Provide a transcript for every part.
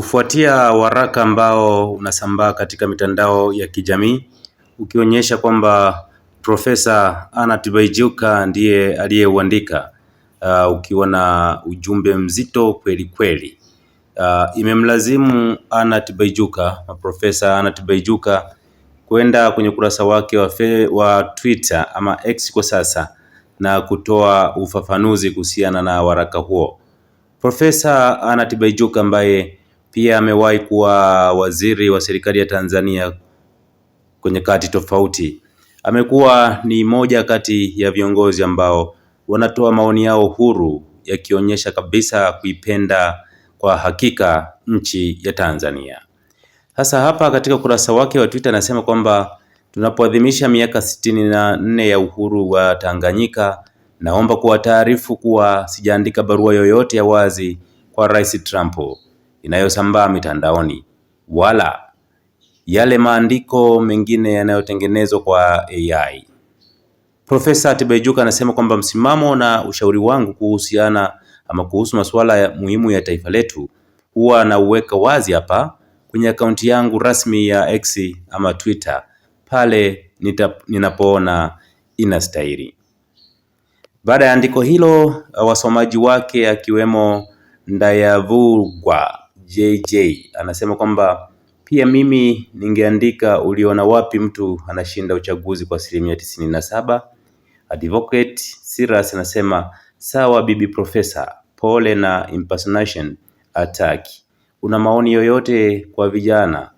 Kufuatia waraka ambao unasambaa katika mitandao ya kijamii ukionyesha kwamba Profesa Anna Tibaijuka ndiye aliyeuandika, uh, ukiwa na ujumbe mzito kweli kweli. Uh, imemlazimu Anna Tibaijuka, Profesa Anna Tibaijuka kwenda kwenye ukurasa wake wa, fe, wa Twitter ama X kwa sasa na kutoa ufafanuzi kuhusiana na waraka huo. Profesa Anna Tibaijuka ambaye pia amewahi kuwa waziri wa serikali ya Tanzania kwenye kati tofauti. Amekuwa ni moja kati ya viongozi ambao wanatoa maoni yao huru yakionyesha kabisa kuipenda kwa hakika nchi ya Tanzania. Sasa hapa katika ukurasa wake wa Twitter anasema kwamba tunapoadhimisha miaka sitini na nne ya uhuru wa Tanganyika, naomba kuwataarifu kuwa sijaandika barua yoyote ya wazi kwa Rais Trump inayosambaa mitandaoni wala yale maandiko mengine yanayotengenezwa kwa AI. Profesa Tibaijuka anasema kwamba msimamo na ushauri wangu kuhusiana ama kuhusu masuala ya muhimu ya taifa letu huwa nauweka wazi hapa kwenye akaunti yangu rasmi ya X ama Twitter pale ninapoona inastahili. Baada ya andiko hilo, wasomaji wake akiwemo Ndayavugwa JJ anasema kwamba pia mimi ningeandika uliona wapi mtu anashinda uchaguzi kwa asilimia tisini na saba. Advocate Silas anasema sawa bibi profesa, pole na impersonation attack. Una maoni yoyote kwa vijana?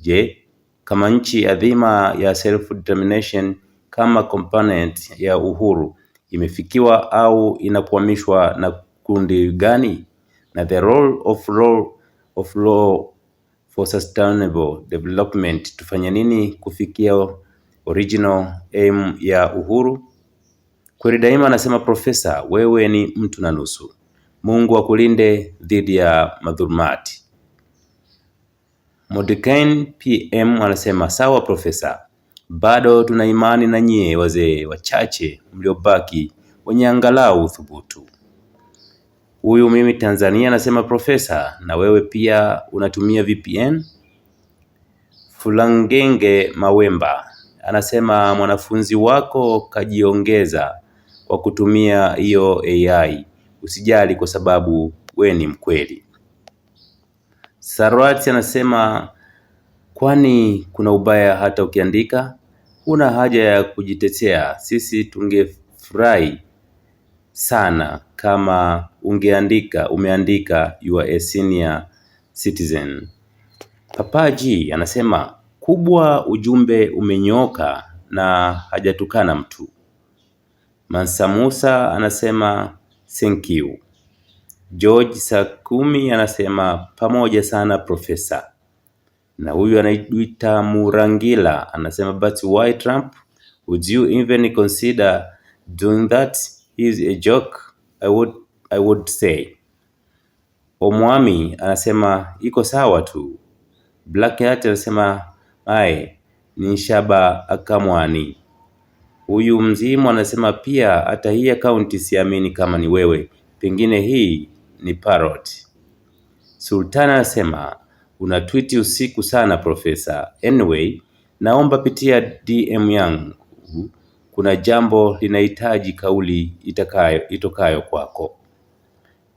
Je, kama nchi adhima ya self determination kama component ya uhuru imefikiwa au inakwamishwa na kundi gani? Na the role of law of law for sustainable development, tufanye nini kufikia original aim ya uhuru? Kweli daima anasema profesa, wewe ni mtu na nusu. Mungu akulinde dhidi ya madhulumati. Modikain PM anasema sawa profesa, bado tuna imani na nyie wazee wachache mliobaki wenye angalau uthubutu. Huyu mimi Tanzania anasema profesa, na wewe pia unatumia VPN? Fulangenge Mawemba anasema mwanafunzi wako kajiongeza kwa kutumia hiyo AI, usijali kwa sababu we ni mkweli. Sarwati anasema kwani kuna ubaya hata ukiandika? Huna haja ya kujitetea, sisi tungefurahi sana kama ungeandika umeandika you are a senior citizen. Papaji anasema kubwa, ujumbe umenyoka na hajatukana mtu. Mansa Musa anasema thank you. George Sakumi anasema pamoja sana profesa. Na huyu anaitwa Murangila anasema but why Trump would you even consider doing that is a joke, I would, I would say. Omwami anasema iko sawa tu. Black Hat anasema ai, ni shaba akamwani. Huyu mzimu anasema pia hata hii akaunti siamini kama ni wewe, pengine hii ni parrot. Sultan anasema una tweet usiku sana profesa. Anyway, naomba pitia DM yangu kuna jambo linahitaji kauli itakayo itokayo kwako.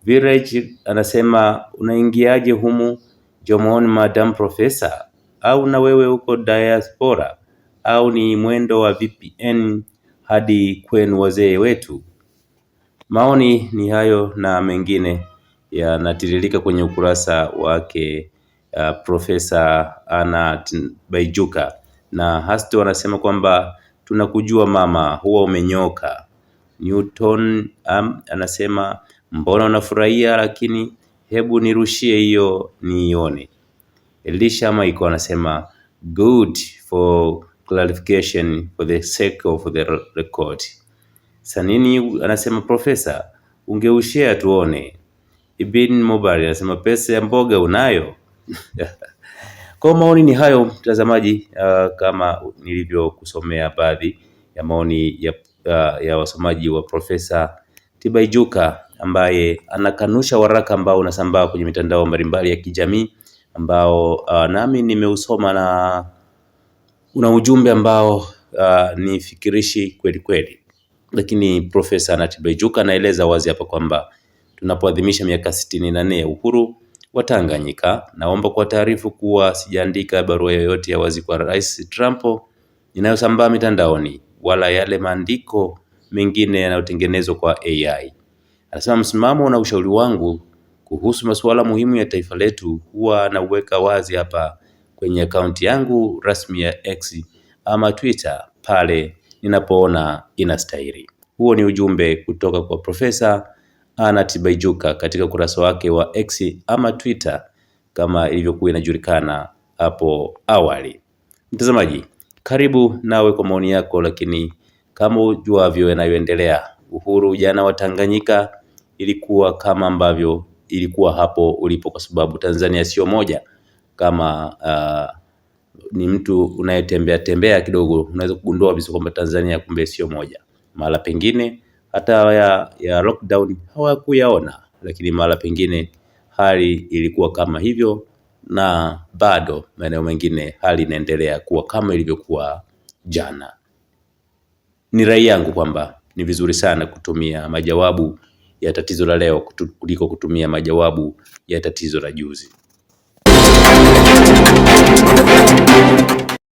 Virage anasema unaingiaje humu? jomoni, madam profesa, au na wewe uko diaspora au ni mwendo wa VPN hadi kwenu wazee wetu? Maoni ni hayo na mengine yanatiririka kwenye ukurasa wake uh, Profesa Anna Baijuka na Hasto anasema kwamba tunakujua mama, huwa umenyoka. Newton um, anasema mbona unafurahia, lakini hebu nirushie hiyo niione. Elisha Maiko anasema good for clarification for the sake of the record. Sanini anasema profesa, ungeushea tuone. Ibn Mubarak anasema pesa ya mboga unayo? Kwa maoni ni hayo mtazamaji, uh, kama nilivyokusomea baadhi ya maoni ya, uh, ya wasomaji wa Profesa Tibaijuka ambaye anakanusha waraka ambao unasambaa kwenye mitandao mbalimbali ya kijamii ambao uh, nami nimeusoma na una ujumbe ambao uh, ni fikirishi kweli kweli, lakini Profesa Tibaijuka anaeleza wazi hapa kwamba tunapoadhimisha miaka sitini na nne ya uhuru wa Tanganyika, naomba taarifu kuwa sijaandika barua yoyote ya wazi kwa Rais Trump inayosambaa mitandaoni wala yale maandiko mengine yanayotengenezwa kwa AI. Anasema msimamo na ushauri wangu kuhusu masuala muhimu ya taifa letu huwa nauweka wazi hapa kwenye akaunti yangu rasmi ya X ama Twitter pale ninapoona inastahili. Huo ni ujumbe kutoka kwa Profesa Anna Tibaijuka katika ukurasa wake wa X ama Twitter kama ilivyokuwa inajulikana hapo awali. Mtazamaji, karibu nawe kwa maoni yako, lakini kama ujuavyo yanayoendelea, uhuru jana wa Tanganyika ilikuwa kama ambavyo ilikuwa hapo ulipo, kwa sababu Tanzania sio moja. Kama uh, ni mtu unayetembea tembea kidogo, unaweza kugundua kabisa kwamba Tanzania kumbe sio moja, mahala pengine hata ya, ya lockdown hawakuyaona, lakini mara pengine hali ilikuwa kama hivyo, na bado maeneo mengine hali inaendelea kuwa kama ilivyokuwa jana. Ni rai yangu kwamba ni vizuri sana kutumia majawabu ya tatizo la leo kuliko kutumia majawabu ya tatizo la juzi.